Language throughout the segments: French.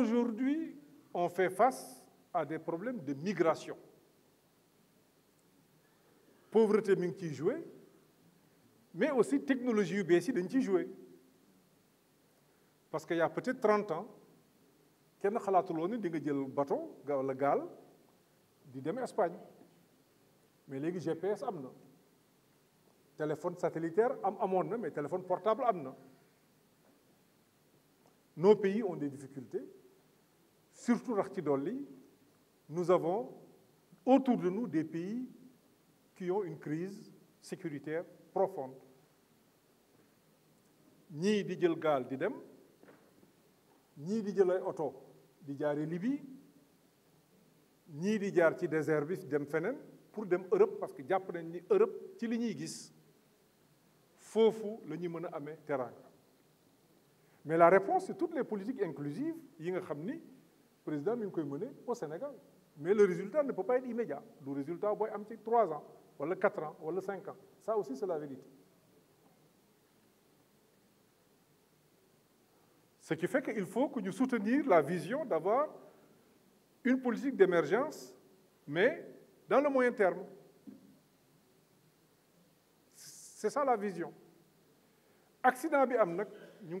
Aujourd'hui, on fait face à des problèmes de migration. Pauvreté mi ngi mais aussi technologie UBSI, bees parce qu'il y' a peut-être 30 ans kenn a ni di nga jël bateau wala gal, di en Espagne mais les GPS a téléphone satellitaire am mais téléphone portable amna. nos pays ont des difficultés surtout nous avons autour de nous des pays qui ont une crise sécuritaire profonde. Ni di ni di dem ni di Libye pour l'Europe, parce que l'Europe, ni Europe ci mais la réponse c'est toutes les politiques inclusives président mi au Sénégal mais le résultat ne peut pas être immédiat Le résultat peut am ci 3 ans wala 4 ans wala 5 ans ça aussi c'est la vérité ce qui fait qu'il faut que nous soutenions la vision d'avoir une politique d'émergence mais dans le moyen terme c'est ça la vision accident bi am nak ñu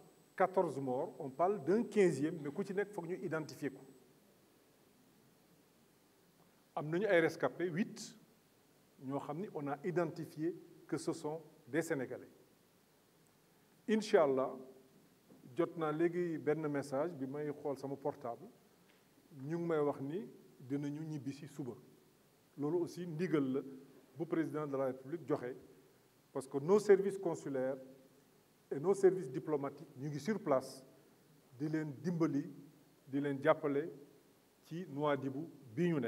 14 morts on parle d'un quinzième mais il ci nekk ñu identifier ko am nañu 8 RSKP, huit on a identifié que ce sont des sénégalais Inch'Allah, j'ai jot un message, je message bi may mon portable ñu m'a may wax ni dinañu ce si suba aussi ndigal la bu président de la république parce que nos services consulaires et nos services diplomatiques ñu sommes sur place di len dimbali di qui jappalé ci Nouadhibou bi ñu